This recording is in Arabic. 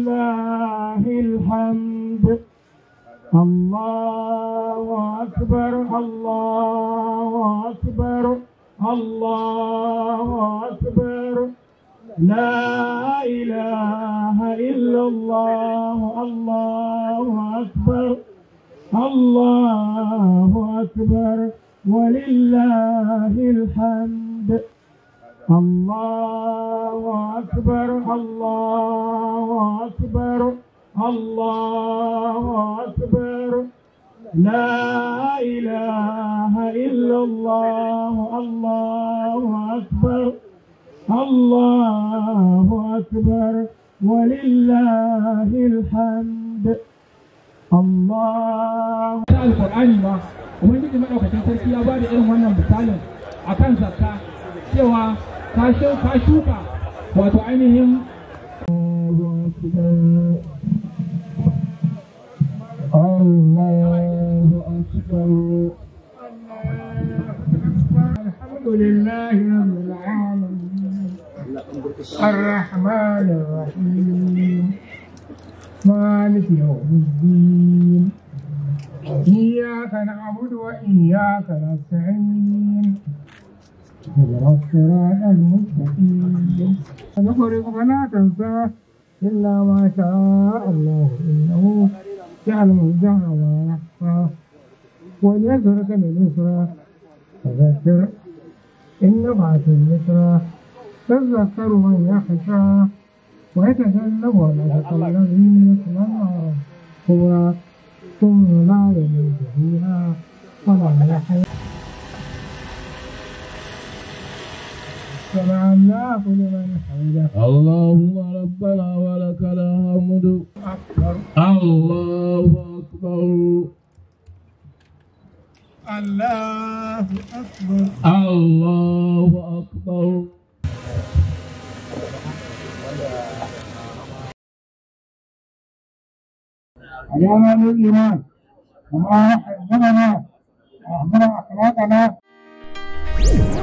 لله الحمد الله أكبر الله أكبر الله أكبر لا إله إلا الله الله أكبر الله أكبر ولله الحمد الله أكبر الله أكبر الله أكبر لا إله إلا الله الله أكبر الله أكبر ولله الحمد الله القرآن ما ومن يجي من أوقات تركيا بعد إيرمان بتعلم أكان زكاة ka shuka wato ainihin الله أكبر الحمد لله رب العالمين الرحمن الرحيم مالك يوم الدين إياك نعبد وإياك نستعين صراط المستقيم ونخرج فلا تنسى إلا ما شاء الله إنه يعلم الجهر وما يخفى وليذكرك باليسرى فذكر إن نفعت الذكرى تذكر من يخشى ويتكلم ولك الذي يسمع هو ثم لا يموت فيها ولا يحيى حمده اللهم ربنا ولك الحمد أكبر الله أكبر الله أكبر الله أكبر علينا بالإيمان الله أحبنا وأحمر أخلاقنا